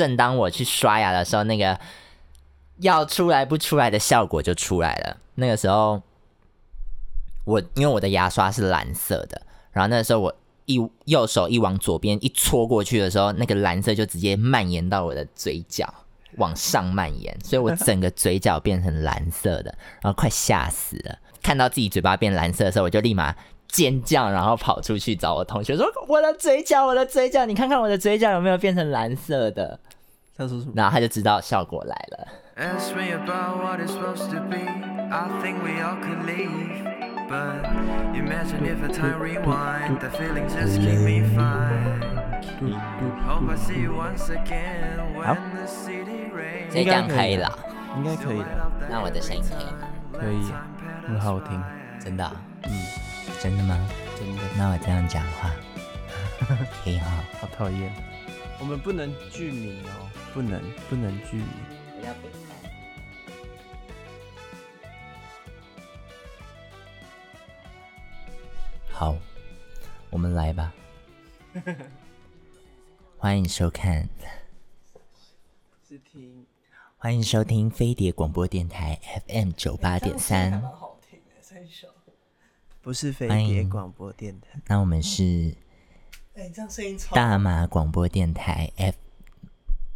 正當我去刷牙的時候，那個要出來不出來的效果就出來了。那個時候，我因為我的牙刷是藍色的，然後那個時候我一右手一往左邊一戳過去的時候，那個藍色就直接蔓延到我的嘴角，往上蔓延，所以我整個嘴角變成藍色的，然後快嚇死了。看到自己嘴巴變藍色的時候，我就立馬尖叫，然後跑出去找我同學說：“我的嘴角，我的嘴角，你看看我的嘴角有沒有變成藍色的？”然後他就知道效果來了。 好，這一講可以了，應該可以了。那我的聲音可以嗎？可以，很好聽，真的、哦。嗯，真的嗎？真的。那我這樣講話，很 好、哦，好討厭。我們不能具名哦。不能不能聚。好，我們來吧。 歡迎收看。是聽。歡迎收聽飛碟廣播電臺 FM 九八點三。不是飛碟廣播電臺。 那我們是大、欸。大麻廣播電臺 F。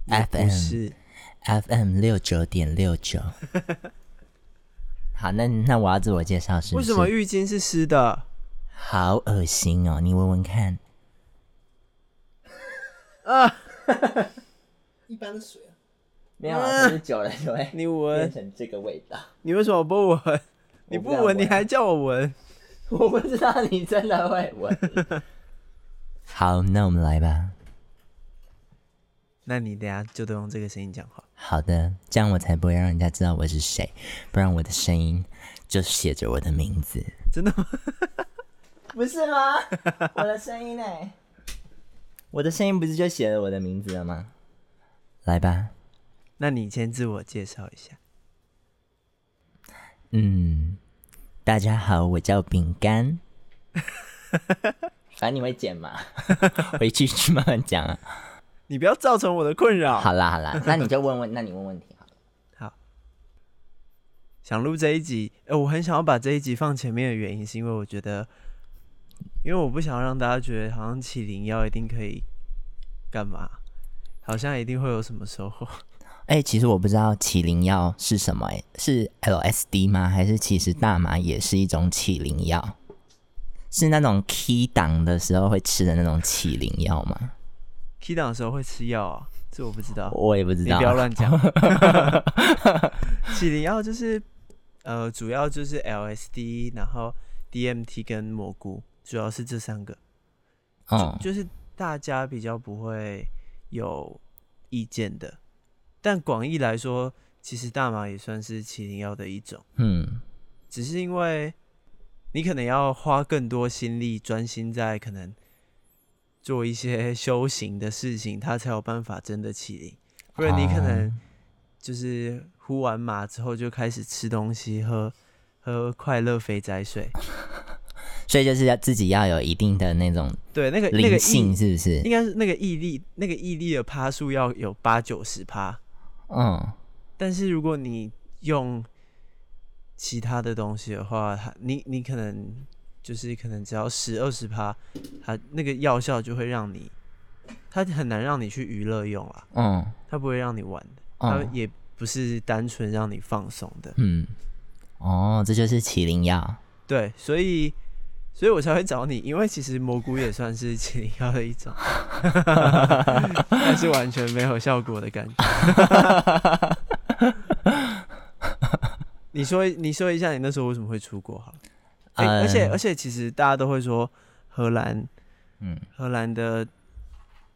FM，FM 六九點六九。F -M, F -M 69. 69 好，那那我要自我介紹，是為什麼浴巾是濕的？好噁心哦，你聞聞看。啊！ 一般的水啊， 啊 沒有了，只是久了就會。你聞，變成這個味道。你，你為什麼不聞？你不聞，你還叫我聞？ 我不知道你真的會聞。 好，那我們來吧。那你等下就得用這個聲音講話。好的，這樣我才不會讓人家知道我是誰，不然我的聲音就寫着我的名字。真的嗎？不是嗎？ 我的聲音哎、欸，我的聲音不是就寫着我的名字了嗎？來吧，那你先自我介紹一下。嗯，大家好，我叫我餅乾。反 正、 啊、你會剪嘛，回去，去慢慢講啊。你不要造成我的困擾。好啦好啦，那你就問問， 那你問問題好了。好，想錄這一集、欸，我很想要把這一集放前面的原因，是因為我覺得，因為我不想讓大家覺得好像啟靈藥一定可以幹嘛，好像一定會有什麼收穫。哎、欸，其實我不知道啟靈藥是什麼、欸，哎，是 LSD 嗎？還是其實大麻也是一種啟靈藥？是那種 Key 檔的時候會吃的那種啟靈藥嗎？K 檔的時候會吃藥啊？這我不知道，我也不知道。你不要亂講。啟靈藥就是呃，主要就是 LSD，然後 DMT 跟蘑菇，主要是這三個。嗯、就，就是大家比較不會有意見的，但廣義來說，其實大麻也算是啟靈藥的一種。嗯。只是因為你可能要花更多心力，專心在可能。做一些修行的事情，他才有辦法真的啟靈。不然你可能就是呼完麻之後就開始吃東西、喝喝快樂肥宅水， 所以就是要自己要有一定的那種對那個靈性，是不是？那個那個、應該是那個毅力，那個毅力的趴數要有八九十趴。嗯，但是如果你用其他的東西的話，他你你可能。就是可能只要十二十趴，它那個藥效就會讓你，它很難讓你去娛樂用啊。嗯，它不會讓你玩的、嗯，它也不是單純讓你放鬆的。嗯，哦，這就是啟靈藥。對，所以，所以我才會找你，因為其實蘑菇也算是啟靈藥的一種 但是完全沒有效果的感覺。 你說，你說一下你那時候為什麼會出國好？欸、而且，而且，其實大家都會說荷蘭，嗯，荷蘭的，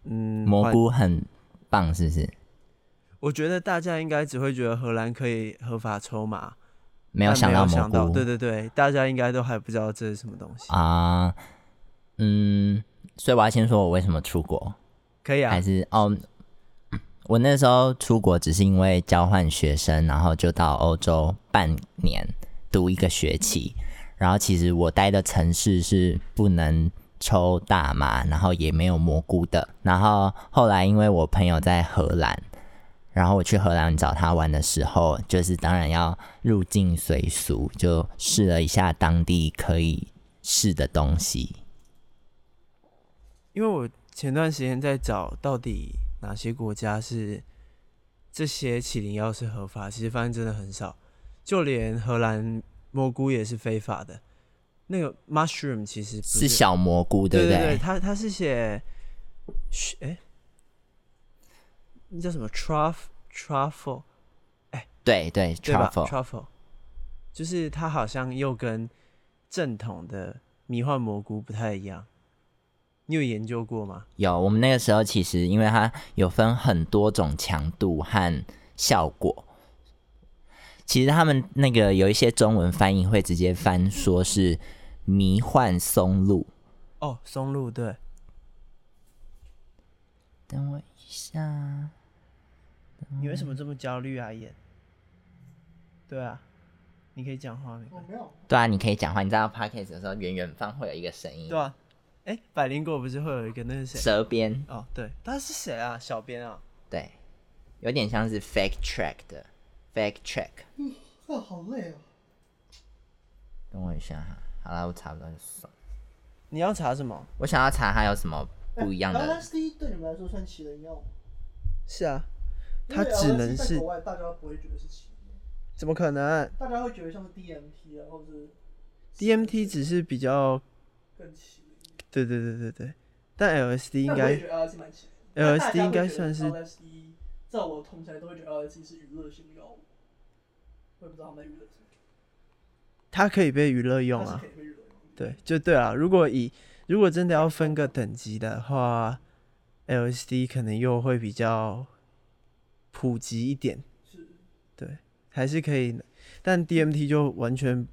嗯，蘑菇很棒，是不是？我覺得大家應該只會覺得荷蘭可以合法抽麻，沒有想到蘑菇。想到對對對，大家應該都還不知道這是什麼東西啊。嗯，所以我要先說我為什麼出國，可以啊？還是哦是，我那時候出國只是因為交換學生，然後就到歐洲半年讀一個學期。嗯然後其實我待的城市是不能抽大麻，然後也沒有蘑菇的。然後後來因為我朋友在荷蘭，然後我去荷蘭找他玩的時候，就是當然要入境隨俗，就試了一下當地可以試的東西。因為我前段時間在找到底哪些國家是這些啟靈藥是合法，其實發現真的很少，就連荷蘭。蘑菇也是非法的，那個 mushroom 其實不是，是小蘑菇，對不對？對對，對它，它是寫，噓，哎，那叫什麼 truffle？truffle？哎，對對，truffle，truffle，就是它好像又跟正統的迷幻蘑菇不太一樣，你有研究過嗎？有，我們那個時候其實因為它有分很多種強度和效果。其實他們那個有一些中文翻譯會直接翻說是迷幻松露。哦，松露對。等我一下我。你為什麼這麼焦慮啊？也。對啊。你可以講話嗎？我沒有。對啊，你可以講話。你知道 podcast 的時候，遠遠方會有一個聲音。對啊。哎，百靈果不是會有一個？那是誰？責編哦，對，他是誰啊？小編啊。對。有點像是 fake track 的。Fact check，嗯、好累喔、等我一下哈，好啦，我查不到就算了。你要查什麼？我想要查還有什麼不一樣的。欸、LSD 對你們來說算奇人藥嗎？是啊。它只能是，是。怎麼可能？大家會覺得像是 DMT 啊，或者是 C2。DMT 只是比較。對對對對對，但 LSD 應該。LSD 應該算是。LSD 在我看起來都會覺得 LSD 是娛樂性藥物，我也不知道他它可以被娛樂用、啊、用啊，對，就對啊。如果以如果真的要分個等級的話，LSD 可能又會比較普及一點，對，還是可以。但 DMT 就完全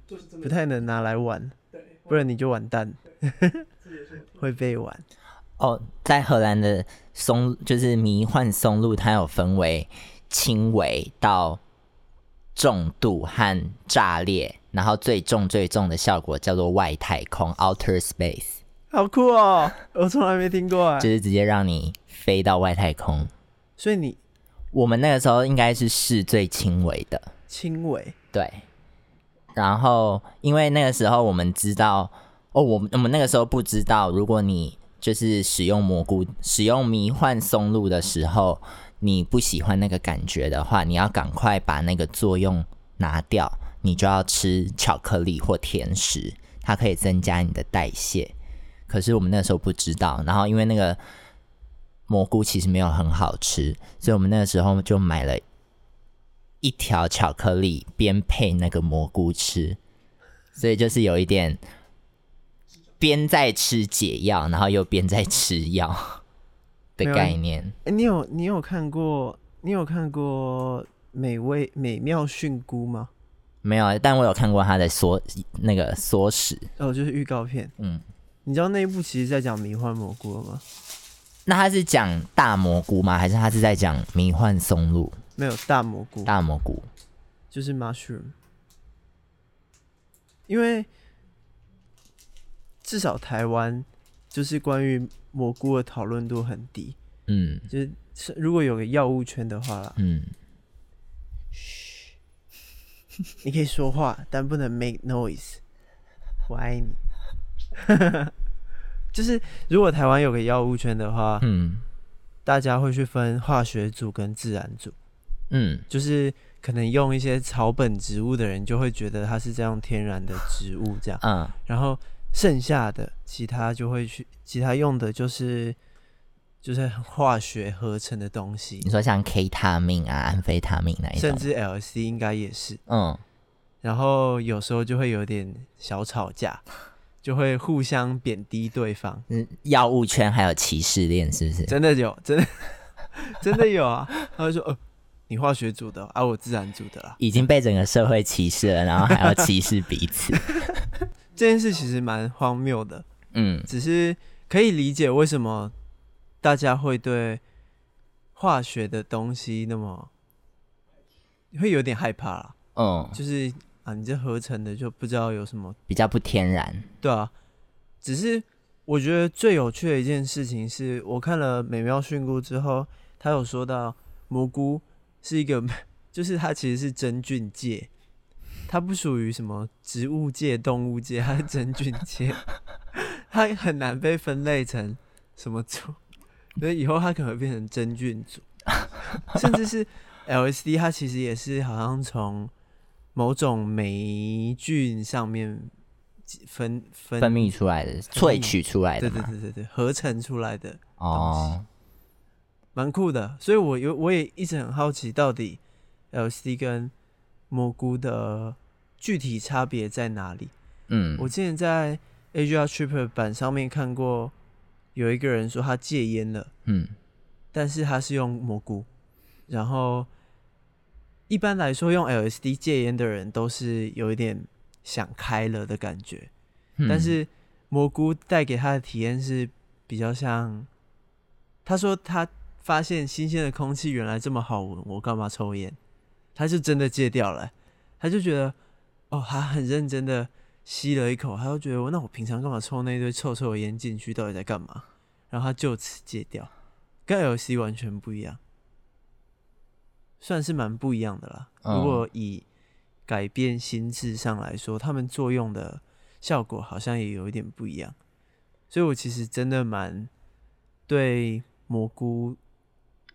不太能拿來玩，就是、不然你就完蛋對對，， 會被玩。哦，在荷蘭的松就是迷幻松露，它有分為輕微到重度和炸裂，然後最重最重的效果叫做外太空 （outer space），好酷哦！我從來沒聽過啊，就是直接讓你飛到外太空。所以你我們那個時候應該是試最輕微的，輕微，對。然後因為那個時候我們知道，哦，我們我們那個時候不知道，如果你。就是使用蘑菇、使用迷幻松露的時候，你不喜歡那個感覺的話，你要趕快把那個作用拿掉。你就要吃巧克力或甜食，它可以增加你的代謝。可是我們那個時候不知道，然後因為那個蘑菇其實沒有很好吃，所以我們那個時候就買了一條巧克力邊配那個蘑菇吃，所以就是有一點。邊在吃解藥，然後又邊在吃藥的概念。哎、欸，你有你有看過你有看過你有看過《美味美妙蕈菇》嗎？沒有，但我有看過他的縮那個縮食哦，就是預告片。嗯，你知道那一部其實在講迷幻蘑菇了嗎？那他是講大蘑菇嗎？還是他是在講迷幻松露？沒有，大蘑菇，大蘑菇就是 mushroom，因為。至少台灣就是關於蘑菇的討論度很低。嗯，就是如果有個藥物圈的話啦，嗯，噓，你可以說話，但不能 make noise。我愛你。 就是如果台灣有個藥物圈的話，嗯，大家會去分化學組跟自然組。嗯，就是可能用一些草本植物的人，就會覺得它是這樣天然的植物，這樣。嗯、啊，然後。剩下的其他就會去，其他用的就是就是化學合成的東西。你說像 K 他命啊、安非、嗯、他命那一種，甚至 L C 應該也是。嗯，然後有時候就會有點小吵架，就會互相貶低對方。嗯，藥物圈還有歧視鏈是不是？真的有，真的真的有啊！ 他會說：“哦、呃，你化學組的、哦、啊，我自然組的啦。”已經被整個社會歧視了，然後還要歧視彼此。 這件事其實蠻荒謬的，嗯，只是可以理解為什麼大家會對化學的東西那麼會有點害怕啦，嗯、哦，就是啊，你這合成的就不知道有什麼比較不天然，對啊，只是我覺得最有趣的一件事情是我看了《美妙蕈菇》之後，他有說到蘑菇是一個，就是它其實是真菌界。它不屬於什麼植物界、動物界，它是真菌界， 它很難被分類成什麼組，所以以後它可能會變成真菌組， 甚至是 LSD。它其實也是好像從某種霉菌上面分分，分，分泌出來的，分分萃取出來的，對對對對對，合成出來的東西，蠻，oh. 酷的。所以我，我有我也一直很好奇，到底 LC 跟蘑菇的具體差別在哪裡？嗯，我之前在 A G R Tripper 版上面看過，有一個人說他戒菸了，嗯，但是他是用蘑菇。然後一般來說，用 L S D 戒菸的人都是有一點想開了的感覺，嗯，但是蘑菇帶給他的體驗是比較像，他說他發現新鮮的空氣原來這麼好聞，我幹嘛抽菸？他就真的戒掉了。欸，他就覺得，哦，還很認真的吸了一口，他就覺得，那我平常幹嘛抽那一堆臭臭的煙進去，到底在幹嘛？然後他就此戒掉，跟 L C 完全不一樣，算是蠻不一樣的啦，嗯。如果以改變心智上來說，他們作用的效果好像也有一點不一樣，所以我其實真的蠻對蘑菇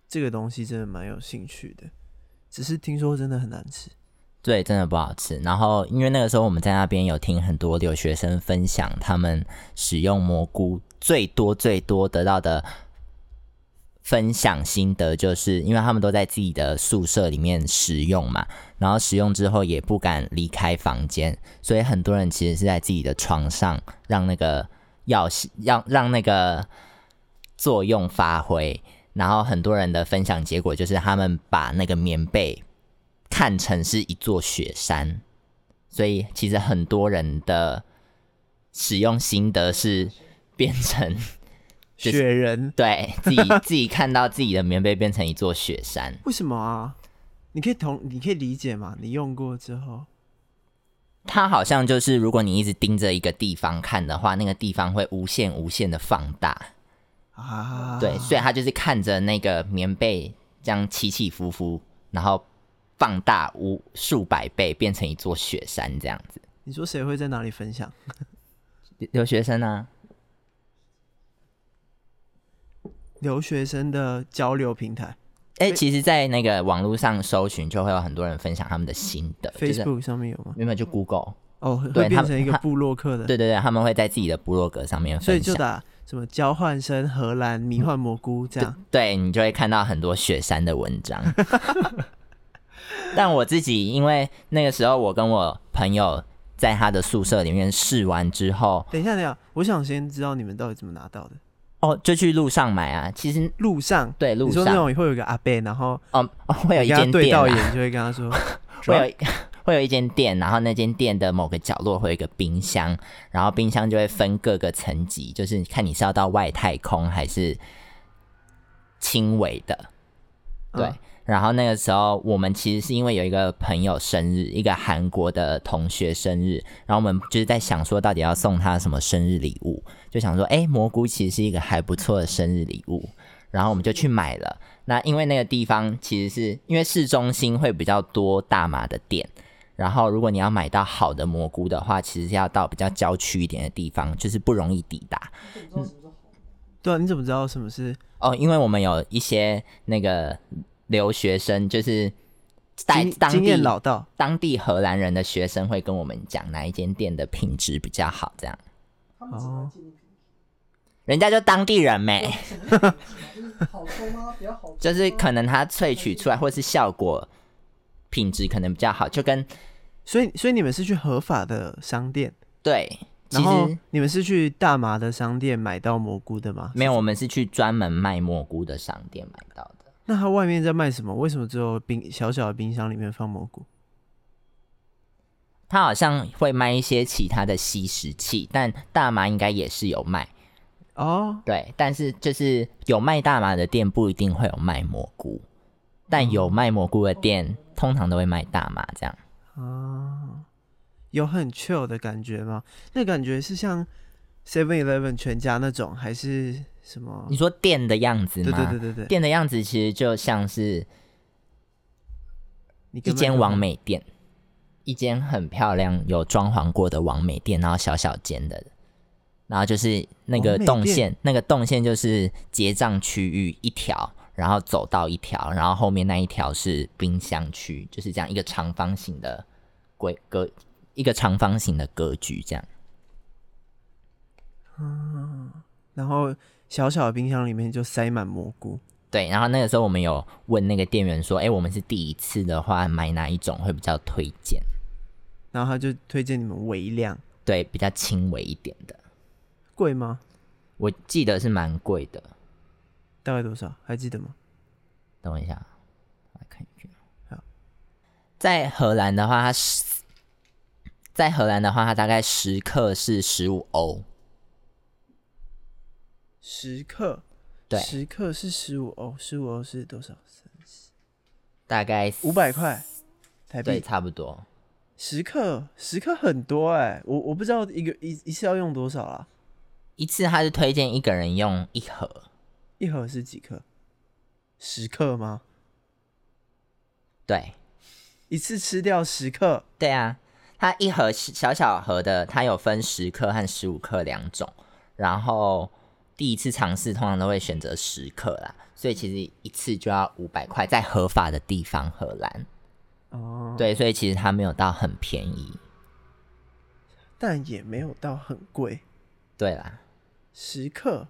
這個東西真的蠻有興趣的。只是聽說真的很難吃，對，真的不好吃。然後，因為那個時候我們在那邊有聽很多留學生分享他們使用蘑菇最多最多得到的分享心得，就是因為他們都在自己的宿舍裡面使用嘛，然後使用之後也不敢離開房間，所以很多人其實是在自己的床上讓那個藥，讓讓那個作用發揮。然後很多人的分享結果就是，他們把那個棉被看成是一座雪山，所以其實很多人的使用心得是變成、就是、雪人， 對自己自己看到自己的棉被變成一座雪山。為什麼啊？你可以同你可以理解嗎？你用過之後，它好像就是，如果你一直盯着一個地方看的話，那個地方會無限無限的放大。啊，對，所以他就是看着那個棉被這樣起起伏伏，然後放大無數百倍，變成一座雪山這樣子。你說誰會在哪裡分享？留學生啊，留學生的交流平台。哎、欸，其實，在那個網絡上搜尋，就會有很多人分享他們的心得。Facebook、就是、上面有嗎？原本就 Google。哦、oh,，對，會變成一個部落客的。對對對，他們會在自己的部落格上面分享。所以就打什麼交換生荷蘭迷幻蘑菇這樣，嗯、對你就會看到很多雪山的文章。 但我自己因為那個時候我跟我朋友在他的宿舍裡面試完之後，等一下等一下，我想先知道你們到底怎麼拿到的。哦，就去路上買啊。其實路上對路上，你說那種會有一個阿伯，然後、嗯、哦會有一間店、啊，就會跟他說 我有一。 會有一間店，然後那間店的某個角落會有一個冰箱，然後冰箱就會分各個層級，就是看你是要到外太空還是輕微的。對、哦，然後那個時候我們其實是因為有一個朋友生日，一個韓國的同學生日，然後我們就是在想說到底要送他什麼生日禮物，就想說哎、欸，蘑菇其實是一個還不錯的生日禮物，然後我們就去買了。那因為那個地方其實是因為市中心會比較多大麻的店。然後，如果你要買到好的蘑菇的話，其實要到比較郊區一點的地方，就是不容易抵達。嗯，對啊。你怎麼知道什麼是？哦，因為我們有一些那個留學生，就是在當地老道當地荷蘭人的學生會跟我們講哪一間店的品質比較好，這樣。人家就當地人唄。 就是可能他萃取出來或者是效果品質可能比較好，就跟。所以，所以你們是去合法的商店？對。然後你們是去大麻的商店買到蘑菇的嗎？沒有，我們是去專門賣蘑菇的商店買到的。那他外面在賣什麼？為什麼只有冰小小的冰箱裡面放蘑菇？他好像會賣一些其他的吸食器，但大麻應該也是有賣哦。Oh? 對，但是就是有賣大麻的店不一定會有賣蘑菇，但有賣蘑菇的店通常都會賣大麻，這樣。啊，有很 chill 的感覺嗎？那感覺是像 Seven Eleven 全家那種，還是什麼？你說店的樣子嗎？對對對對對，店的樣子其實就像是一間網美店，一間很漂亮、有裝潢過的網美店，然後小小間的，然後就是那個動線，那個動線就是結賬區域一條，然後走到一條，然後後面那一條是冰箱區，就是這樣一個長方形的。規格一個長方形的格局這樣，然後小小的冰箱裡面就塞滿蘑菇。對，然後那個時候我們有問那個店員說：“哎、欸，我們是第一次的話，買哪一種會比較推薦？”然後他就推薦你們微量，對，比較輕微一點的。貴嗎？我記得是蠻貴的，大概多少？還記得嗎？等我一下，來看一下。在荷蘭的話，它十在荷蘭的話，它大概十克是十五歐。十克，對，十克是十五歐，十五歐是多少？大概五百塊，台幣差不多。十克，十克很多哎、欸，我我不知道一個一一,一次要用多少啊。一次，他是推薦一個人用一盒，一盒是幾克？十克嗎？對。一次吃掉十克？對啊，它一盒小小盒的，它有分十克和十五克兩種。然後第一次嘗試通常都會選擇十克啦，所以其實一次就要五百塊，在合法的地方荷蘭哦。對，所以其實它沒有到很便宜，但也沒有到很貴。對啦，十克，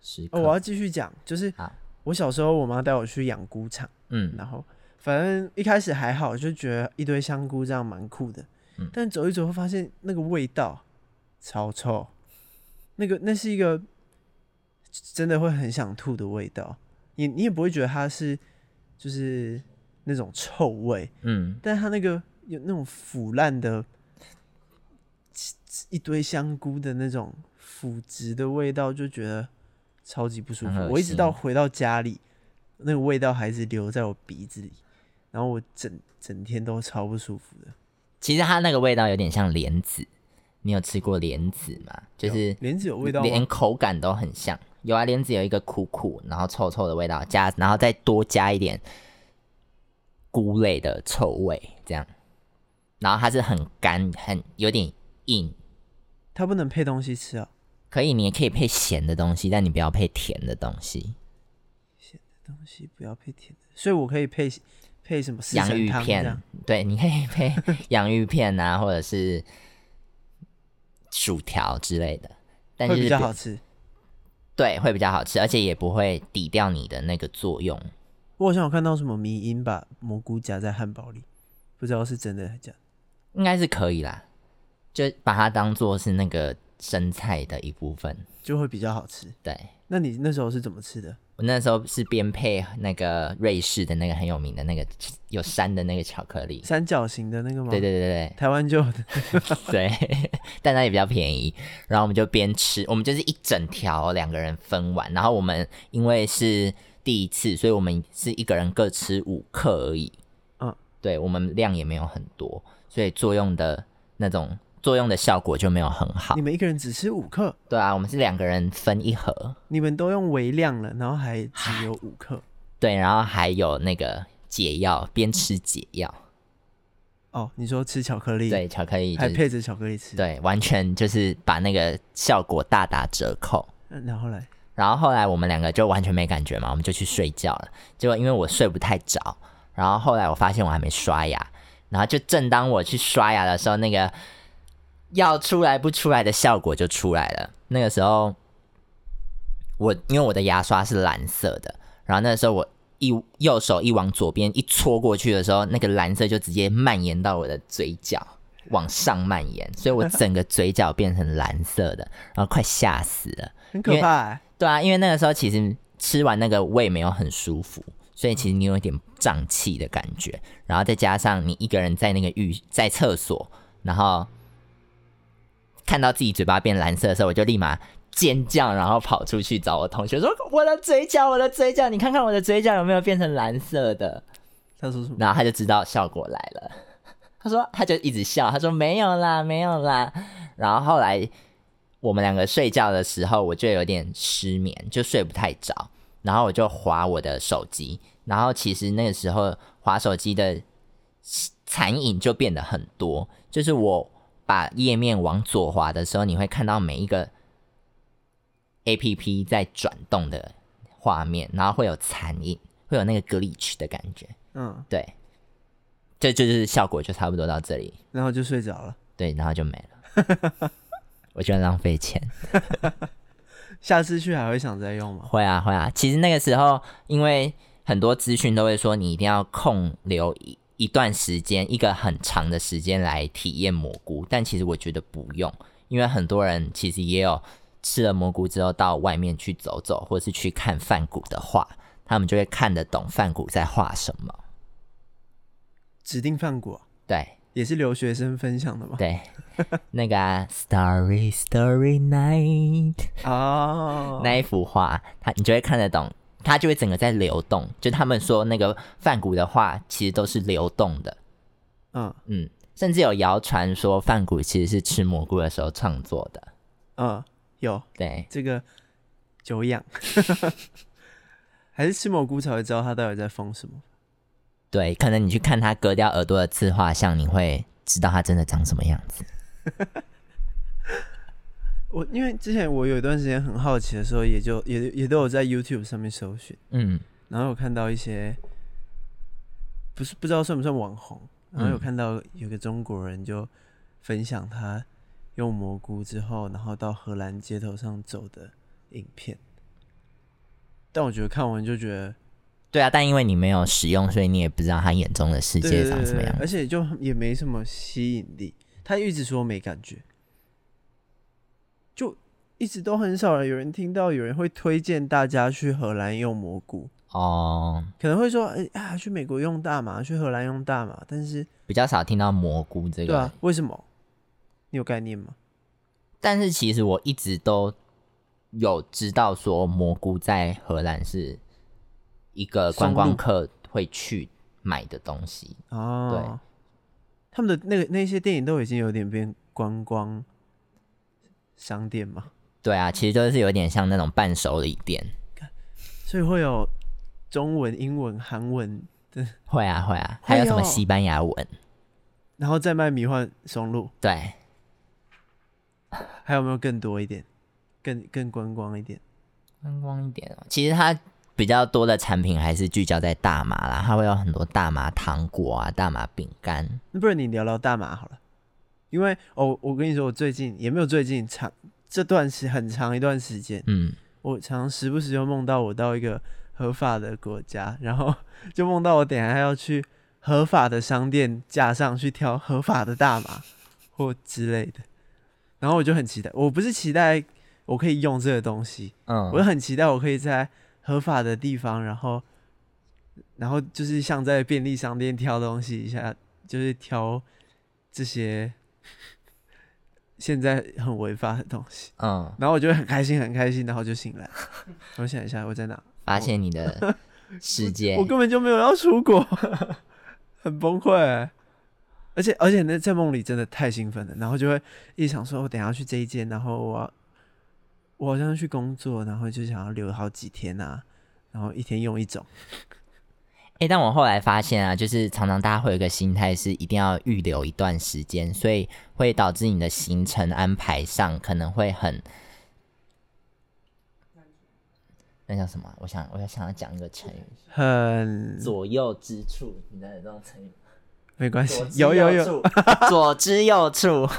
十克。哦，我要繼續講，就是我小時候我媽帶我去養菇場，嗯，然後。反正一開始還好，就覺得一堆香菇這樣蠻酷的。但走一走會發現那個味道超臭，那個那是一個真的會很想吐的味道。你你也不會覺得它是就是那種臭味，嗯。但它那個有那種腐爛的，一堆香菇的那種腐殖的味道，就覺得超級不舒服。我一直到回到家裡，那個味道還是留在我鼻子裡。然後我整整天都超不舒服的。其實它那個味道有點像蓮子，你有吃過蓮子嗎？就是蓮子有味道，連口感都很像。有啊，蓮子有一個苦苦然後臭臭的味道，加然後再多加一點菇類的臭味，這樣。然後它是很乾，很有點硬。它不能配東西吃啊？可以，你也可以配鹹的東西，但你不要配甜的東西。鹹的東西不要配甜的，所以我可以配。配什麼洋芋片？對，你可以配洋芋片啊， 或者是薯條之類的，但是會比較好吃。對，會比較好吃，而且也不會抵掉你的那個作用。我好像有看到什麼迷因，把蘑菇夾在漢堡裡，不知道是真的還是假的。應該是可以啦，就把它當做是那個生菜的一部分，就會比較好吃。對，那你那時候是怎麼吃的？我那時候是邊配那個瑞士的那個很有名的那個有山的那個巧克力，三角形的那個嗎？對對對對，台灣就 對，但它也比較便宜。然後我們就邊吃，我們就是一整條兩個人分完。然後我們因為是第一次，所以我們是一個人各吃五克而已。嗯、啊，對，我們量也沒有很多，所以作用的那種。作用的效果就沒有很好。你們一個人只吃五克？對啊，我們是兩個人分一盒。你們都用微量了，然後還只有五克。對，然後還有那個解藥，邊吃解藥。哦，你說吃巧克力？對，巧克力，就是，還配着巧克力吃。對，完全就是把那個效果大打折扣。嗯、然後來，然後後來我們兩個就完全沒感覺嘛，我們就去睡覺了。結果因為我睡不太着，然後後來我發現我還沒刷牙，然後就正當我去刷牙的時候，那個。要出來不出來的效果就出來了。那個時候，我因為我的牙刷是藍色的，然後那個時候我一右手一往左邊一戳過去的時候，那個藍色就直接蔓延到我的嘴角，往上蔓延，所以我整個嘴角變成藍色的，然後快嚇死了，很可怕啊。對啊，因為那個時候其實吃完那個胃沒有很舒服，所以其實你有一點脹氣的感覺，然後再加上你一個人在那個浴在廁所，然後。看到自己嘴巴變藍色的時候，我就立馬尖叫，然後跑出去找我同學說：“我的嘴角，我的嘴角，你看看我的嘴角有沒有變成藍色的？”他說，然後他就知道效果來了。他說他就一直笑。他說沒有啦，沒有啦。然後後來我們兩個睡覺的時候，我就有點失眠，就睡不太着。然後我就滑我的手機。然後其實那個時候滑手機的殘影就變得很多，就是我。把頁面往左滑的時候，你會看到每一個 APP 在轉動的畫面，然後會有殘影，會有那個 glitch 的感覺。嗯，對，這就是效果，就差不多到這裡。然後就睡着了。對，然後就沒了。 我覺得浪費錢。 下次去還會想再用嗎？會啊，會啊。其實那個時候，因為很多資訊都會說你一定要控留意，儀一段時間，一個很長的時間來體驗蘑菇，但其實我覺得不用，因為很多人其實也有吃了蘑菇之後到外面去走走，或是去看梵谷的畫，他們就會看得懂梵谷在畫什麼。指定梵谷？對，也是留學生分享的嗎？對， 那個、啊、Starry Starry Night，哦、oh. 那一幅畫，他你就會看得懂。它就會整個在流動，就他們說那個梵谷的畫，其實都是流動的。嗯嗯，甚至有謠傳說梵谷其實是吃蘑菇的時候創作的。嗯，有對這個久仰，樣 還是吃蘑菇才會知道他到底在瘋什麼？對，可能你去看他割掉耳朵的自畫像，你會知道他真的長什麼樣子。 我因為之前我有一段時間很好奇的時候也，也就也也都有在 YouTube 上面搜尋，嗯，然後有看到一些，不是不知道算不算網紅，然後有看到有個中國人就分享他用蘑菇之後，然後到荷蘭街頭上走的影片，但我覺得看完就覺得，對啊，但因為你沒有使用，所以你也不知道他眼中的世界長什麼樣，對對對對對，而且就也沒什麼吸引力，他一直說沒感覺。就一直都很少人有人聽到，有人會推薦大家去荷蘭用蘑菇哦，oh, 可能會說，哎啊，去美國用大麻，去荷蘭用大麻，但是比較少聽到蘑菇這個。對啊，為什麼？你有概念嗎？但是其實我一直都有知道說，蘑菇在荷蘭是一個觀光客會去買的東西哦。對哦，他們的那個那些電影都已經有點變觀光。商店嘛，對啊，其實就是有點像那種伴手禮店，所以會有中文、英文、韓文的，會啊會啊，還有什麼西班牙文，然後再賣迷幻松露，對，還有沒有更多一點，更更觀光一點，觀光一點哦、喔。其實它比較多的產品還是聚焦在大麻啦，它會有很多大麻糖果啊、大麻餅乾。那不然你聊聊大麻好了。因為哦，我跟你說，我最近也沒有最近長這段時間很長一段時間，嗯，我常常時不時就夢到我到一個合法的國家，然後就夢到我等下要去合法的商店架上去挑合法的大麻或之類的，然後我就很期待，我不是期待我可以用這個東西，嗯，我就很期待我可以在合法的地方，然後然後就是像在便利商店挑東西一下，就是挑這些。現在很違法的東西，嗯，然後我就會很開心，很開心，然後就醒來了。我想一下，我在哪？發現你的世界， 我，我根本就沒有要出國， 很崩潰。而且，而且那在夢裡真的太興奮了，然後就會一直想說，我等一下要去這一間，然後我我好像去工作，然後就想要留好幾天啊，然後一天用一種。哎、欸，但我後來發現啊，就是常常大家會有一個心態是一定要預留一段時間，所以會導致你的行程安排上可能會很……那叫什麼？我想，我要想要講一個成語，很、嗯、左右之處。你哪有這種成語嗎？沒關係，有有有，左之右處，有有有有，左之右處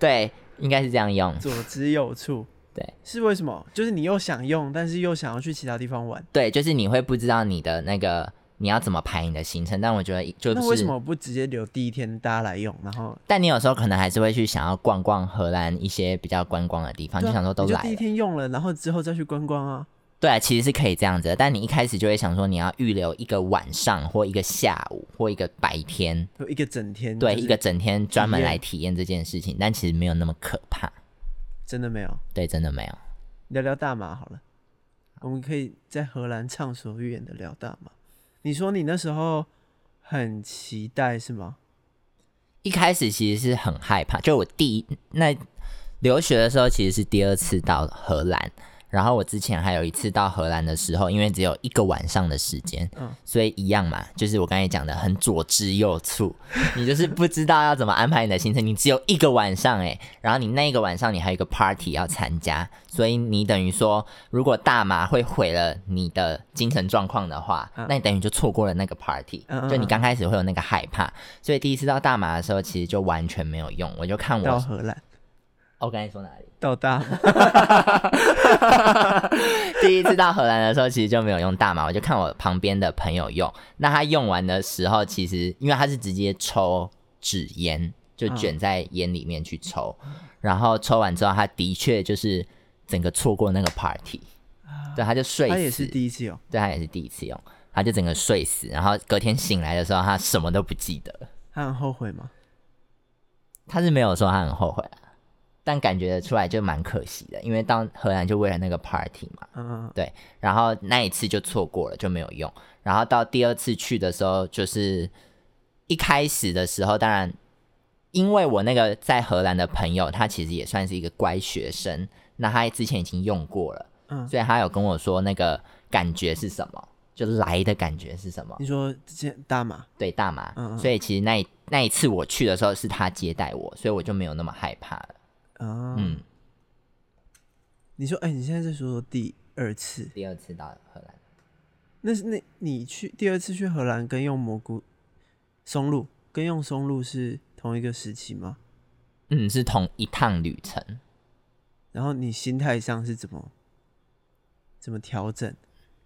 對，應該是這樣用。左之右處，對，是為什麼？就是你又想用，但是又想要去其他地方玩。對，就是你會不知道你的那個。你要怎麼排你的行程？但我覺得就是、啊、為什麼不直接留第一天大家來用？然後但你有時候可能還是會去想要逛逛荷蘭一些比較觀光的地方，啊、就想說都來你第一天用了，然後之後再去觀光啊。對啊，其實是可以這樣子。但你一開始就會想說你要預留一個晚上，或一個下午，或一個白天，或一個整天。對，就是、一個整天專門來體驗這件事情，但其實沒有那麼可怕，真的沒有。對，真的沒有。聊聊大麻好了好，我們可以在荷蘭暢所欲言的聊大麻。你說你那時候很期待是嗎？一開始其實是很害怕，就我第一那留學的時候其實是第二次到荷蘭。然後我之前還有一次到荷蘭的時候，因為只有一個晚上的時間，嗯、所以一樣嘛，就是我剛才講的很左支右絀，你就是不知道要怎麼安排你的行程， 你只有一個晚上哎，然後你那個晚上你還有一個 party 要參加，所以你等於說如果大麻會毀了你的精神狀況的話、嗯，那你等於就錯過了那個 party，就你剛開始會有那個害怕，所以第一次到大麻的時候其實就完全沒有用，我就看我到荷蘭。哦、我剛才說哪裡？豆大， 第一次到荷蘭的時候，其實就沒有用大麻，我就看我旁邊的朋友用，那他用完的時候，其實因為他是直接抽紙菸，就捲在菸裡面去抽、啊，然後抽完之後，他的確就是整個錯過那個 party、啊。對，他就睡死。他也是第一次用，對，他也是第一次用，他就整個睡死，然後隔天醒來的時候，他什麼都不記得。他很後悔嗎？他是沒有說他很後悔、啊。但感覺出來就蠻可惜的，因為到荷蘭就為了那個 party 嘛、嗯，對，然後那一次就錯過了，就沒有用。然後到第二次去的時候，就是一開始的時候，當然，因為我那個在荷蘭的朋友，他其實也算是一個乖學生，那他之前已經用過了，嗯、所以他有跟我說那個感覺是什麼，就是、來的感覺是什麼？你說之前大麻，對，大麻。嗯，嗯。所以其實那那一次我去的時候，是他接待我，所以我就沒有那麼害怕了。啊，嗯，你說，哎，你現在是說說第二次，第二次到荷蘭，那是那，你去第二次去荷蘭跟用蘑菇松露跟用松露是同一個時期嗎？嗯，是同一趟旅程。然後你心態上是怎麼怎麼調整？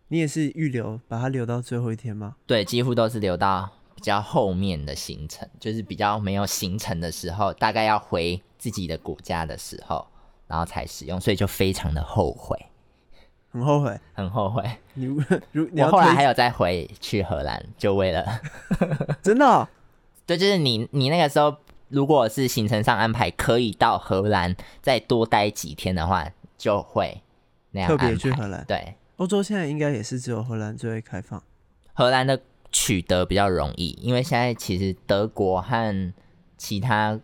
你也是預留把它留到最後一天嗎？對，幾乎都是留到比較後面的行程，就是比較沒有行程的時候，大概要回，自己的國家的時候，然後才使用，所以就非常的後悔，很後悔，很後悔。你如你我後來還有再回去荷蘭、 喔，就為了真的，對，就是你你那個時候，如果是行程上安排可以到荷蘭再多待幾天的話，就會那樣特別去荷蘭。對，歐洲現在應該也是只有荷蘭最會開放，荷蘭的取得比較容易，因為現在其實德國和其他。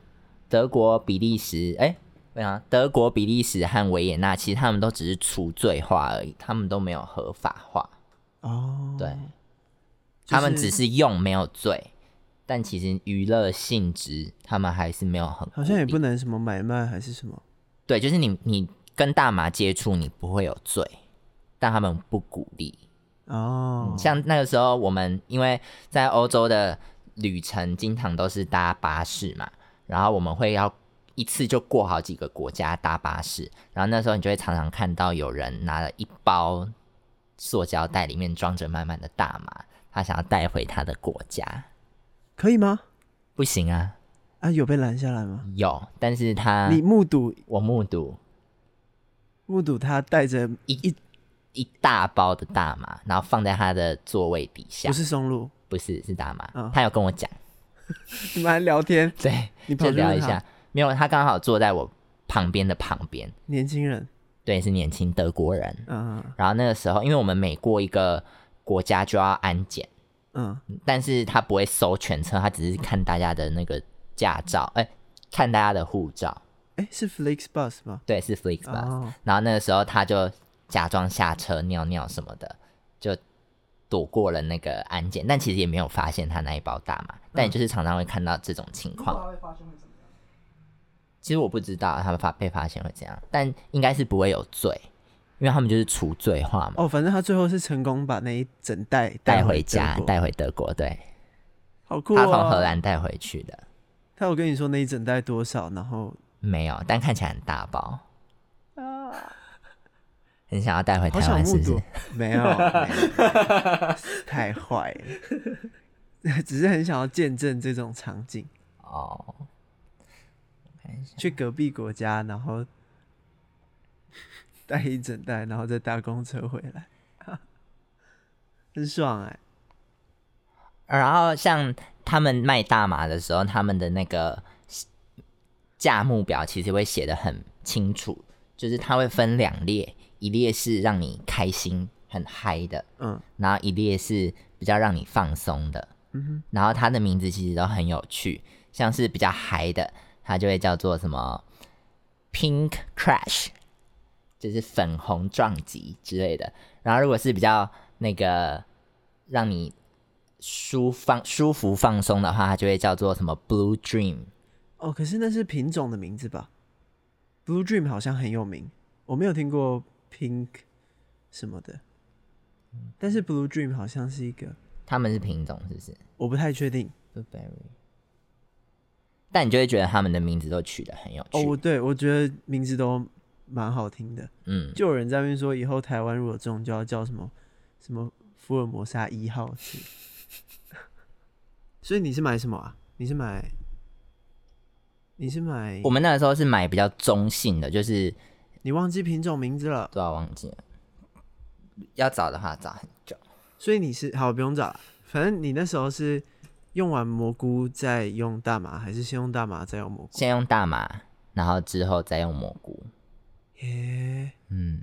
德國、比利時，哎、欸，對啊，德國、比利時和維也納，其實他們都只是除罪化而已，他們都沒有合法化哦。Oh, 對、就是，他們只是用沒有罪，但其實娛樂性質，他們還是沒有很合，好像也不能什麼買賣還是什麼。對，就是你你跟大麻接觸，你不會有罪，但他們不鼓勵哦。Oh. 像那個時候，我們因為在歐洲的旅程，經常都是搭巴士嘛。然後我們會要一次就過好幾個國家搭巴士，然後那時候你就會常常看到有人拿了一包塑膠袋，裡面裝着滿滿的大麻，他想要帶回他的國家，可以嗎？不行啊。啊有被攔下來嗎？有，但是他你目睹，我目睹，目睹他帶着一一一大包的大麻，然後放在他的座位底下。不是松露，不是，是大麻。哦，他有跟我講。 你們還聊天？對，你就聊一下。沒有，他剛好坐在我旁邊的旁邊。年輕人，對，是年輕德國人。嗯、uh-huh. 然後那個時候，因為我們每過一個國家就要安檢。嗯、uh-huh。但是他不會搜全車，他只是看大家的那個駕照，哎、uh-huh. 欸，看大家的護照。哎、欸，是 FlixBus 嗎？對，是 FlixBus。Uh-huh. 然後那個時候他就假裝下車尿尿什麼的，就。躲過了那個安檢，但其實也沒有發現他那一包大麻、嗯，但你就是常常會看到這種情況。他會發生會怎麼樣？其實我不知道他們發被發現會怎樣，但應該是不會有罪，因為他們就是除罪化嘛。哦，反正他最後是成功把那一整袋帶回,回家，帶回德國，對，好酷、哦。他從荷蘭帶回去的。他有跟你說那一整袋多少？然後沒有，但看起來很大包、啊很想要帶回台灣，是不是？沒有，沒有沒有 太壞了。只是很想要見證這種場景哦。去隔壁國家，然後帶一整袋，然後再搭公車回來，很爽哎，欸。然後像他們賣大麻的時候，他們的那個價目表其實會寫得很清楚，就是他會分兩列。一列是讓你開心、很嗨的，嗯，然後一列是比較讓你放鬆的，嗯哼，然後它的名字其實都很有趣，像是比較嗨的，它就會叫做什麼 Pink Crash，就是粉紅撞擊之類的。然後如果是比較那個讓你舒放、舒服、放鬆的話，它就會叫做什麼 Blue Dream。哦，可是那是品種的名字吧？Blue Dream 好像很有名，我沒有聽過。Pink 什麼的，但是 Blue Dream 好像是一個，他們是品種是不是？我不太確定。Blueberry，但你就會覺得他們的名字都取得很有趣。哦、oh，對，我覺得名字都蠻好聽的。嗯，就有人在那邊說，以後台灣如果有這種，就要叫什麼什麼福爾摩莎一號。 所以你是買什麼啊？你是買？你是買？我們那個時候是買比較中性的，就是。你忘記品種名字了？對啊，忘記了。要找的話找很久，所以你是好不用找了，反正你那時候是用完蘑菇再用大麻，還是先用大麻再用蘑菇？先用大麻，然後之後再用蘑菇。耶，嗯。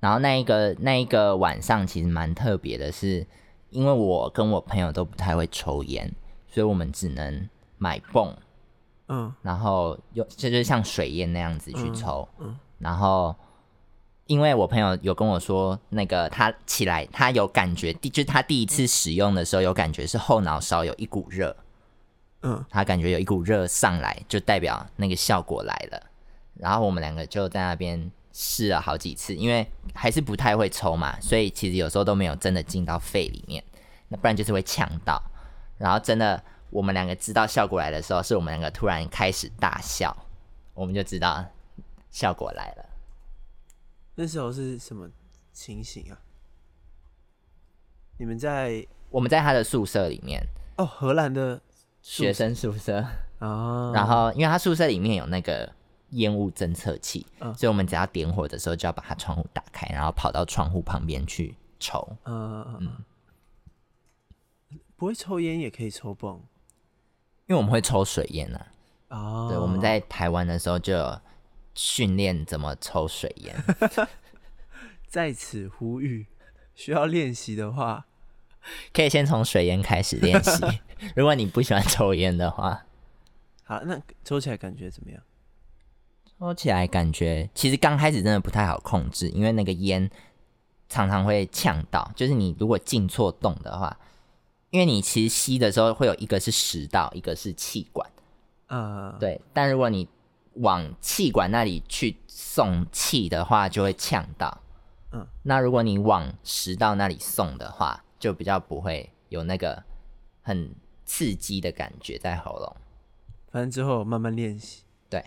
然後那一個那一個晚上其實蠻特別的是，是因為我跟我朋友都不太會抽煙，所以我們只能買泵，嗯，然後用，就是像水煙那樣子去抽，嗯。嗯然後，因為我朋友有跟我說，那個他起來，他有感覺，第就是他第一次使用的時候有感覺是後腦勺有一股熱，嗯，他感覺有一股熱上來，就代表那個效果來了。然後我們兩個就在那邊試了好幾次，因為還是不太會抽嘛，所以其實有時候都沒有真的進到肺裡面，那不然就是會嗆到。然後真的，我們兩個知道效果來的時候，是我們兩個突然開始大笑，我們就知道。效果來了，那時候是什麼情形啊？你們在我們在他的宿舍裡面哦，荷蘭的學生宿舍，哦，然後，因為他宿舍裡面有那個煙霧偵測器，哦，所以我們只要點火的時候就要把他窗戶打開，然後跑到窗戶旁邊去抽。哦、嗯嗯，不會抽菸也可以抽泵，因為我們會抽水煙啊、哦。對，我們在台灣的時候就。訓練怎麼抽水煙，在此呼籲，需要練習的話，可以先從水煙開始練習。如果你不喜歡抽煙的話，好，那抽起來感覺怎麼樣？抽起來感覺其實剛開始真的不太好控制，因為那個煙常常會嗆到，就是你如果進錯洞的話，因為你其實吸的時候會有一個是食道，一個是氣管，嗯，對。但如果你往氣管那裡去送氣的話，就會嗆到。嗯，那如果你往食道那裡送的話，就比較不會有那個很刺激的感覺在喉嚨。反正之後慢慢練習。對，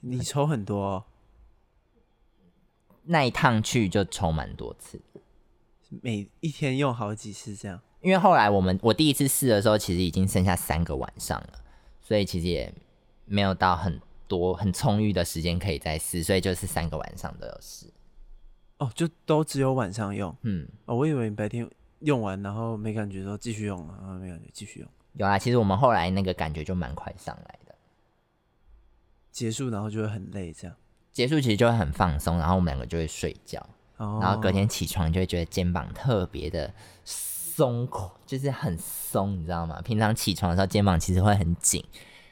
你抽很多哦，那一趟去就抽蠻多次，每一天用好幾次這樣。因為後來我們我第一次試的時候，其實已經剩下三個晚上了，所以其實也沒有到很多很充裕的時間可以再試，所以就是三個晚上都有試。哦，就都只有晚上用。嗯，哦，我以為你白天用完然後沒感覺，說繼續用啊，然後沒感覺繼續用。有啊，其實我們後來那個感覺就蠻快上來的。結束然後就會很累，這樣結束其實就會很放鬆，然後我們兩個就會睡覺。哦。然後隔天起床就會覺得肩膀特別的鬆，就是很鬆，你知道嗎？平常起床的時候肩膀其實會很緊。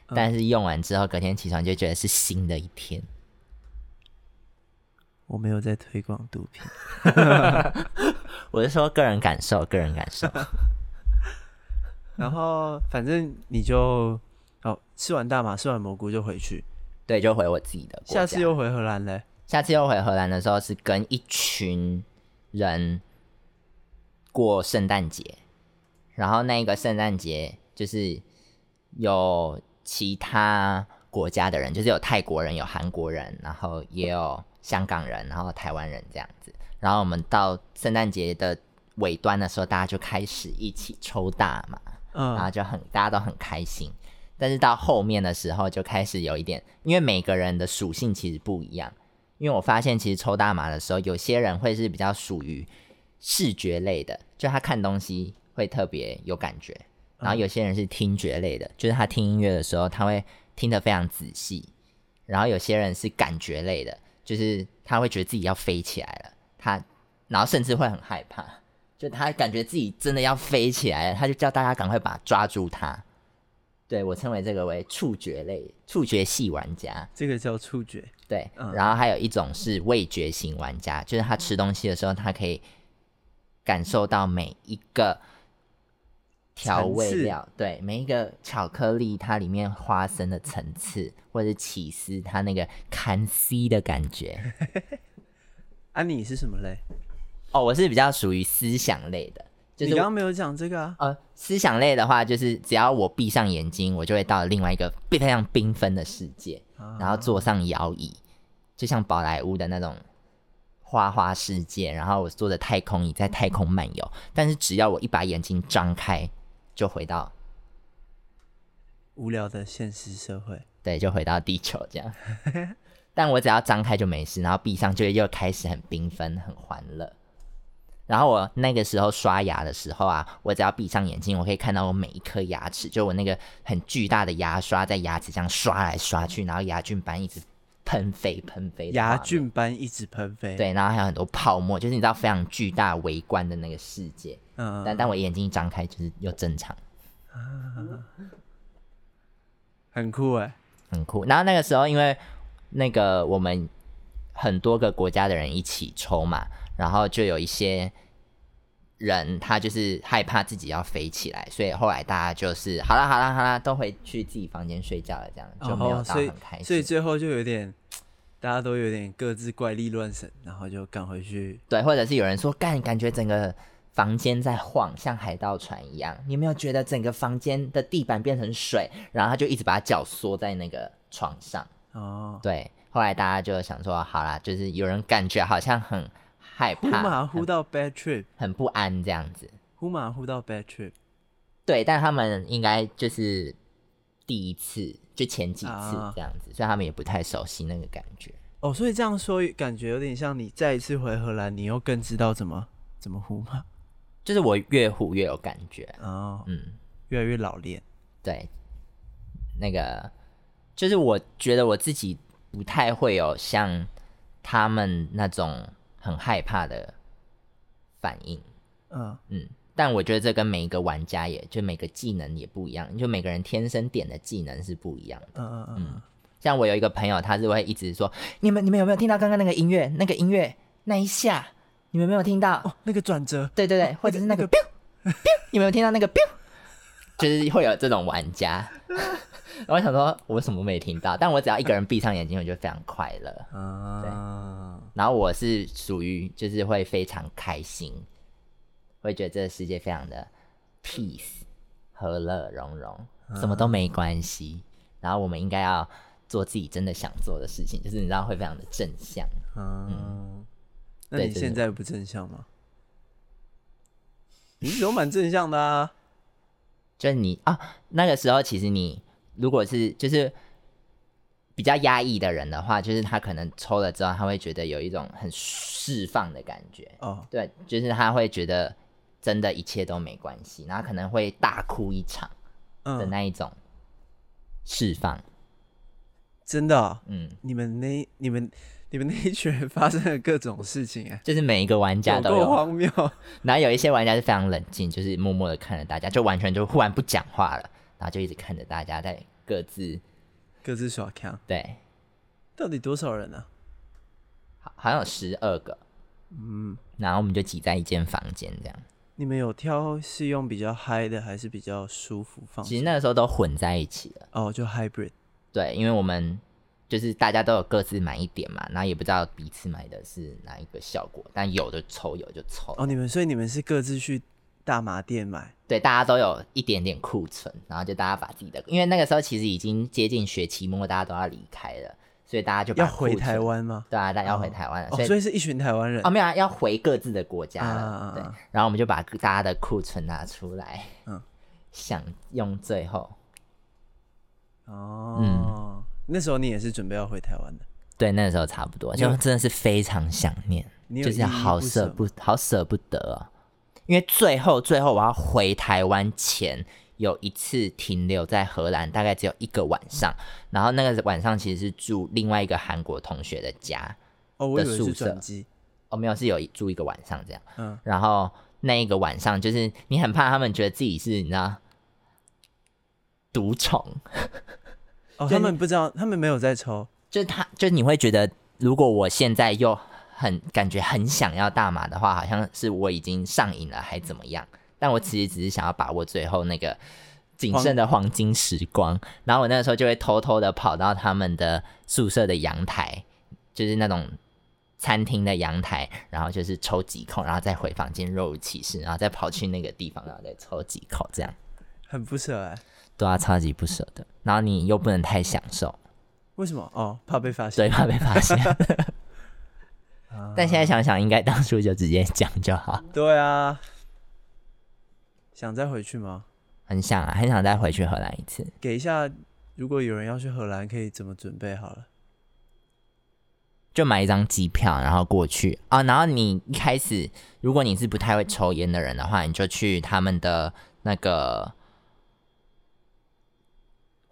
但是用完之後、嗯，隔天起床就覺得是新的一天。我沒有在推廣毒品， 我是說個人感受，個人感受。然後反正你就哦，吃完大麻，吃完蘑菇就回去。對，就回我自己的。下次又回荷蘭嘞？下次又回荷蘭的時候是跟一群人過聖誕節，然後那一個聖誕節就是有。其他國家的人，就是有泰國人、有韓國人，然後也有香港人，然後台灣人這樣子。然後我們到聖誕節的尾端的時候，大家就開始一起抽大麻，然後就很大家都很開心。但是到後面的時候，就開始有一點，因為每個人的屬性其實不一樣。因為我發現，其實抽大麻的時候，有些人會是比較屬於視覺類的，就他看東西會特別有感覺。然後有些人是聽覺類的，就是他聽音樂的時候，他會聽得非常仔細。然後有些人是感覺類的，就是他會覺得自己要飛起來了，他然後甚至會很害怕，就他感覺自己真的要飛起來了，他就叫大家趕快把他抓住他。對，我稱為這個為觸覺類、觸覺系玩家。這個叫觸覺。對，嗯。然後還有一種是味覺型玩家，就是他吃東西的時候，他可以感受到每一個。調味料，對，每一個巧克力，它裡面花生的層次，或者起司它那個 can see 的感覺。 啊，你是什麼類？哦，我是比較屬於思想類的。就是、你剛剛沒有講這個啊？呃，思想類的話，就是只要我閉上眼睛，我就會到另外一個非常繽紛的世界，uh -huh. 然後坐上搖椅，就像寶萊塢的那種花花世界，然後我坐着太空椅在太空漫遊。Uh -huh. 但是只要我一把眼睛張開。就回到無聊的現實社會，對，就回到地球這樣。 但我只要張開就沒事，然後閉上就又開始很繽紛、很歡樂。然後我那個時候刷牙的時候啊，我只要閉上眼睛，我可以看到我每一顆牙齒，就我那個很巨大的牙刷在牙齒上刷來刷去，然後牙菌斑一直噴飛、噴飛。牙菌斑一直噴飛，對，然後還有很多泡沫，就是你知道非常巨大、圍觀的那個世界。嗯，但但我眼睛一張開就是又正常，很酷哎，很酷。然後那個時候，因為那個我們很多個國家的人一起抽嘛，然後就有一些人他就是害怕自己要飛起來，所以後來大家就是好啦、好啦、好啦，都回去自己房間睡覺了，這樣就沒有到很開心。所以最後就有點大家都有點各自怪力亂神，然後就趕回去，對，或者是有人說幹，感覺整個。房間在晃，像海盜船一樣。你有沒有覺得整個房間的地板變成水？然後他就一直把腳縮在那個床上。哦，對。後來大家就想說，好啦，就是有人感覺好像很害怕，呼麻呼到 bad trip，很，很不安這樣子。呼麻呼到 bad trip，對。但他們應該就是第一次，就前幾次這樣子，啊，所以他們也不太熟悉那個感覺。哦，所以這樣說，感覺有點像你再一次回荷蘭，你又更知道怎麼怎麼呼麻？就是我越唬越有感覺啊，oh, 嗯，越來越老練。對，那個就是我覺得我自己不太會有像他們那種很害怕的反應。嗯、oh. 嗯，但我覺得這跟每一個玩家也就每個技能也不一樣，就每個人天生點的技能是不一樣的。嗯、oh. 嗯嗯，像我有一個朋友，他是會一直說：“你們你們有沒有聽到剛剛那個音樂？那個音樂那一下。”你們沒有聽到、哦、那個轉折？對對對，哦那個、或者是那個 “biu biu”，那個、你有沒有聽到那個 “biu”？ 就是會有這種玩家。 我想說，我什麼沒聽到，但我只要一個人閉上眼睛， 我就非常快樂、嗯。對。然後我是屬於就是會非常開心，會覺得這個世界非常的 peace，和樂融融、嗯，什麼都沒關係。然後我們應該要做自己真的想做的事情，就是你知道會非常的正向。嗯。嗯。那你現在不正向嗎？就是、你是有蠻正向的啊。 就是你啊，那個時候其實你如果是就是比較壓抑的人的話，就是他可能抽了之後，他會覺得有一種很釋放的感覺。哦、oh.，對，就是他會覺得真的一切都沒關係，然後可能會大哭一場的那一種釋放、嗯。真的、哦？嗯。你們那你們。你們那一群人發生了各種事情啊、欸！就是每一個玩家都很荒謬。 然後有一些玩家是非常冷靜，就是默默的看着大家，就完全就忽然不講話了，然後就一直看着大家在各自各自耍鏘。對，到底多少人啊？好，好像有十二個。嗯，然後我們就擠在一間房間這樣。你們有挑是用比較嗨的，還是比較舒服放？其實那個時候都混在一起了。哦、oh,，就 hybrid。對，因為我們。就是大家都有各自買一點嘛，然後也不知道彼此買的是哪一個效果，但有的抽有就抽。哦，你們，所以你們是各自去大麻店買？對，大家都有一點點庫存，然後就大家把自己的，因為那個時候其實已經接近學期末，大家都要離開了，所以大家就要回台灣嗎？對啊，大家要回台灣了、哦哦，所以是一群台灣人哦，沒有、啊、要回各自的國家了、嗯。對，然後我們就把大家的庫存拿出來，嗯，想用最後。哦。嗯。那時候你也是準備要回台灣的？對，那時候差不多，就真的是非常想念，捨，就是好舍不好舍不得啊。哦。因為最後最後我要回台灣前有一次停留在荷蘭，大概只有一個晚上、嗯。然後那個晚上其實是住另外一個韓國同學的家、哦、的宿舍，我以為是轉機？哦，沒有，是有住一個晚上這樣。嗯，然後那一個晚上就是你很怕他們覺得自己是你知道毒蟲。哦，他們不知道，他們沒有在抽。就是他，就是你會覺得，如果我現在又很感覺很想要大麻的話，好像是我已經上癮了，還怎麼樣？但我其實只是想要把握最後那個僅剩的黃金時光。然後我那個時候就會偷偷的跑到他們的宿舍的陽台，就是那種餐廳的陽台，然後就是抽幾口，然後再回房間若無其事，然後再跑去那個地方，然後再抽幾口，這樣很不舍欸。都要、啊、超級不捨得，然後你又不能太享受，為什麼？哦，怕被發現。對，怕被發現。 但現在想想，應該當初就直接講就好。對啊，想再回去嗎？很想，啊，很想再回去荷蘭一次。給一下，如果有人要去荷蘭，可以怎麼準備好了？就買一張機票，然後過去啊。然後你一開始，如果你是不太會抽煙的人的話，你就去他們的那個，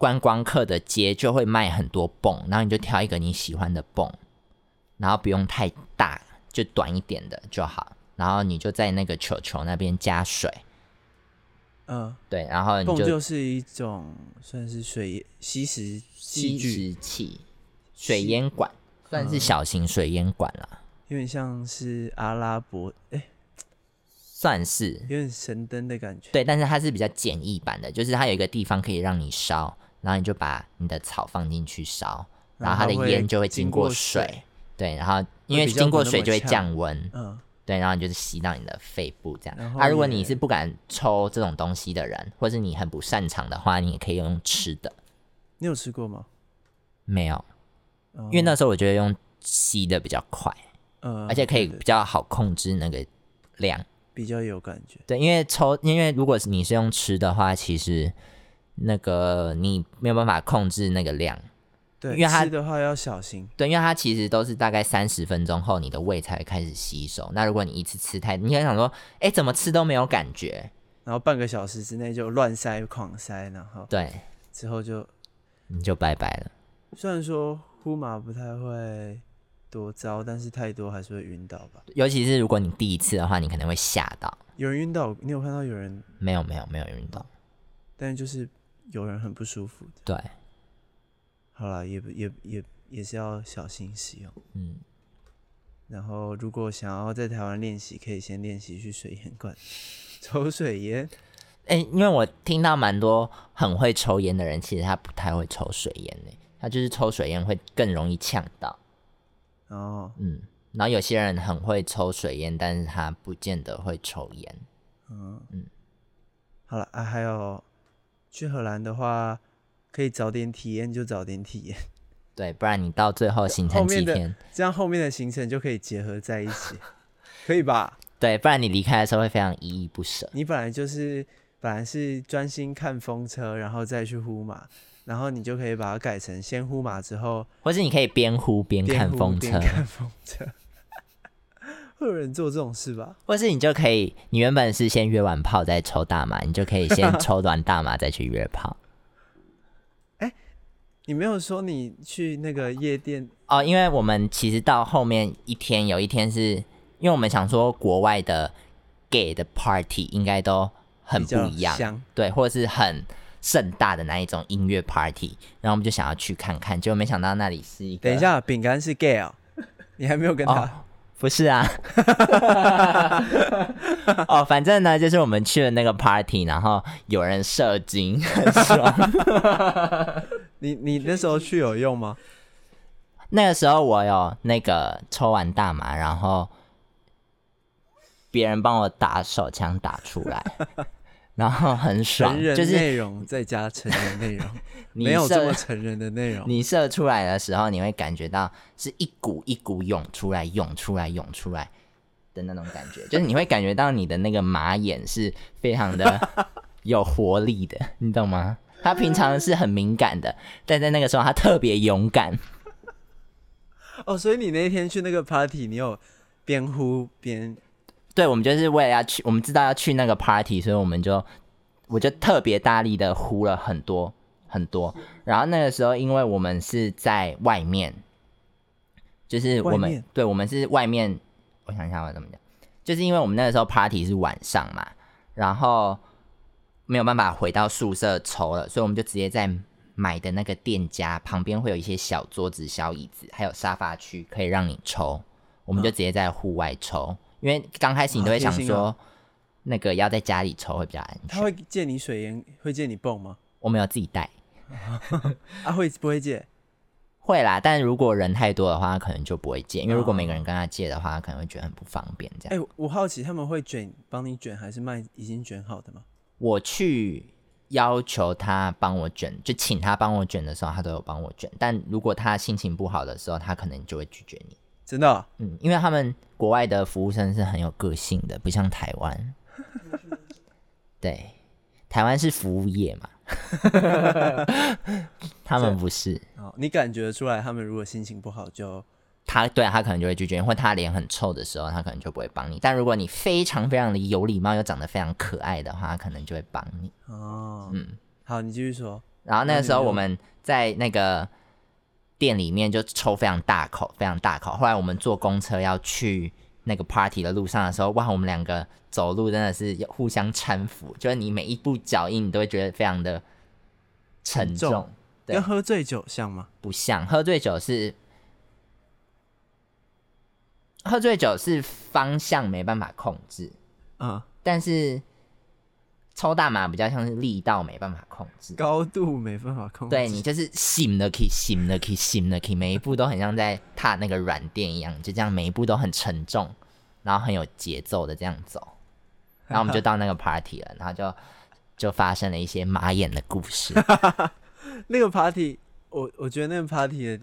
觀光客的街就會賣很多泵，然後你就挑一個你喜歡的泵，然後不用太大，就短一點的就好。然後你就在那個球球那邊加水。嗯、呃，對。然後你就，泵就是一種算是水吸食吸食器，水煙管、嗯，算是小型水煙管了。有點像是阿拉伯，哎、欸，算是有點神燈的感覺。對，但是它是比較簡易版的，就是它有一個地方可以讓你燒。然後你就把你的草放進去燒，然後它的煙就會經過水，對，然後因為經過水就會降溫，嗯，對，然後你就是吸到你的肺部這樣。那、啊、如果你是不敢抽這種東西的人，或是你很不擅長的話，你也可以用吃的。你有吃過嗎？沒有，因為那時候我覺得用吸的比較快，嗯，而且可以比較好控制那個量，比較有感覺。對，因為抽，因為如果你是用吃的話，其實。那個你沒有辦法控制那個量，對，因為它，吃的話要小心。對，因為它其實都是大概三十分鐘後你的胃才會開始吸收。那如果你一次吃太，你很想說，哎，怎麼吃都沒有感覺，然後半個小時之內就亂塞、狂塞，然後對，之後就你就拜拜了。雖然說呼麻不太會多糟，但是太多還是會暈倒吧。尤其是如果你第一次的話，你可能會嚇到。有人暈倒？你有看到有人？沒有，沒有，沒有暈倒。但就是。有人很不舒服的，對。好了，也也也也是要小心使用，嗯。然後，如果想要在台灣練習，可以先練習去水煙館抽水煙。哎、欸，因為我聽到蠻多很會抽煙的人，其實他不太會抽水煙呢。他就是抽水煙會更容易嗆到。哦。嗯。然後有些人很會抽水煙，但是他不見得會抽煙。嗯嗯。好了啊，還有。去荷蘭的話，可以早點體驗就早點體驗，對，不然你到最後的行程幾天後面的，這樣後面的行程就可以結合在一起， 可以吧？對，不然你離開的時候會非常依依不舍。你本來就是本來是專心看風車，然後再去呼麻，然後你就可以把它改成先呼麻之後，或是你可以邊呼邊看風車。邊會有人做這種事吧？或是你就可以，你原本是先約完炮再抽大麻，你就可以先抽完大麻再去約炮。哎 欸，你沒有說你去那個夜店哦，因為我們其實到後面一天有一天是，因為我們想說國外的 gay 的 party 應該都很不一樣，對，或是很盛大的那一種音樂 party，然後我們就想要去看看，結果沒想到那裡是一個。等一下，餅乾是 gay 喔？你還沒有跟他。哦不是啊， 哦，反正呢，就是我們去了那個 party，然後有人射精，很爽， 你你那時候去有用嗎？那個時候我有那個抽完大麻，然後別人幫我打手槍打出來。 然後很爽，就是內容再加成人內容 你，沒有這麼成人的內容。你射出來的時候，你會感覺到是一股一股湧出來、湧出來、湧出來的那種感覺， 就是你會感覺到你的那個馬眼是非常的有活力的， 你懂嗎？他平常是很敏感的，但在那個時候他特別勇敢。 哦，所以你那天去那個 party，你有邊呼邊。對，我們就是為了要去，我們知道要去那個 party，所以我們就，我就特別大力的呼了很多很多。然後那個時候，因為我們是在外面，就是我們，對，我們是外面。我想一下我怎麼講，就是因為我們那個時候 party 是晚上嘛，然後沒有辦法回到宿舍抽了，所以我們就直接在買的那個店家旁邊會有一些小桌子、小椅子，還有沙發區可以讓你抽，我們就直接在戶外抽。嗯因為剛開始你都會想說，那個要在家裡抽會比較安全。他會借你水煙，會借你泵嗎？我沒有自己帶，啊會不會借？會啦，但如果人太多的話，可能就不會借，因為如果每個人跟他借的話，可能會覺得很不方便這樣。哎，我好奇他們會捲幫你捲，還是賣已經捲好的嗎？我去要求他幫我捲，就請他幫我捲的時候，他都有幫我捲。但如果他心情不好的時候，他可能就會拒絕你。真的啊？嗯，因為他們國外的服務生是很有個性的，不像台灣。 對，台灣是服務業嘛。 他們不是。哦，你感覺出來，他們如果心情不好就，就他對他可能就會拒絕，或他臉很臭的時候，他可能就不會幫你。但如果你非常非常的有禮貌，又長得非常可愛的話，他可能就會幫你。哦，嗯，好，你繼續說。然後那個時候我們在那個。店裡面就抽非常大口，非常大口。後來我們坐公車要去那個 party 的路上的時候，哇，我們兩個走路真的是互相攙扶，就是你每一步腳印你都會覺得非常的沉重，很重，對。跟喝醉酒像嗎？不像，喝醉酒是喝醉酒是方向沒辦法控制，嗯，uh，但是。抽大麻比較像是力道沒辦法控制，高度沒辦法控制對。對，你就是醒的，可以醒的，可以醒的，可以每一步都很像在踏那個軟墊一樣， 就這樣每一步都很沉重，然後很有節奏的這樣走。然後我們就到那個 party 了，然後就就發生了一些馬眼的故事。 那個 party 我我覺得那個 party 的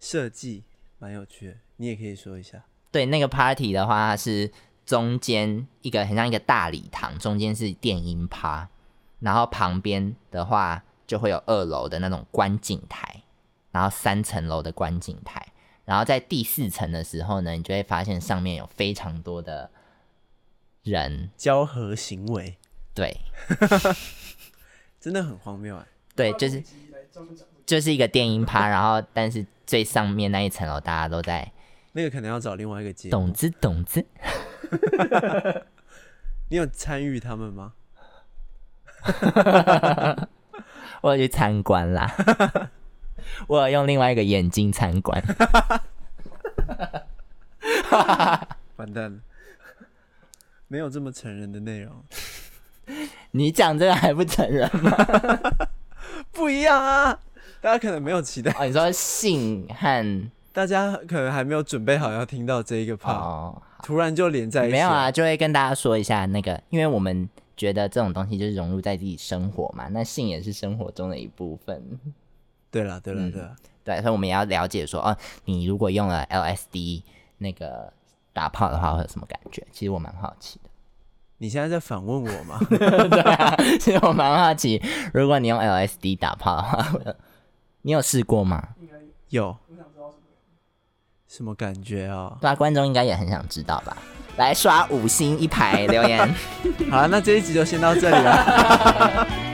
設計蠻有趣的，你也可以說一下。對那個 party 的話是。中間一個很像一個大禮堂，中間是電音趴，然後旁邊的話就會有二樓的那種觀景台，然後三層樓的觀景台，然後在第四層的時候呢，你就會發現上面有非常多的人交合行為，對， 真的很荒謬啊、欸！對，就是就是一個電音趴，然後但是最上面那一層樓大家都在，那個可能要找另外一個機，懂子懂子。 你有參與他們嗎？ 我要去參觀啦， 我要用另外一個眼睛參觀。 完蛋了，沒有這麼成人的內容。 你講這個還不成人嗎？ 不一樣啊！大家可能沒有期待。哦，你說性和？大家可能還沒有準備好要聽到這個炮，oh，突然就連在一起。沒有啊，就會跟大家說一下那個，因為我們覺得這種東西就是融入在自己生活嘛。那性也是生活中的一部分。對了，對了，嗯，對啦，對啦。對，所以我們也要了解說，哦，你如果用了 LSD 那個打炮的話，會有什麼感覺？其實我蠻好奇的。你現在在反問我嗎？ 對啊， 其實我蠻好奇，如果你用 LSD 打炮的話，你有試過嗎？有。我想什麼感覺啊？刷、啊、觀眾應該也很想知道吧？來刷五星一排留言。 好了、啊，那這一集就先到這裡了。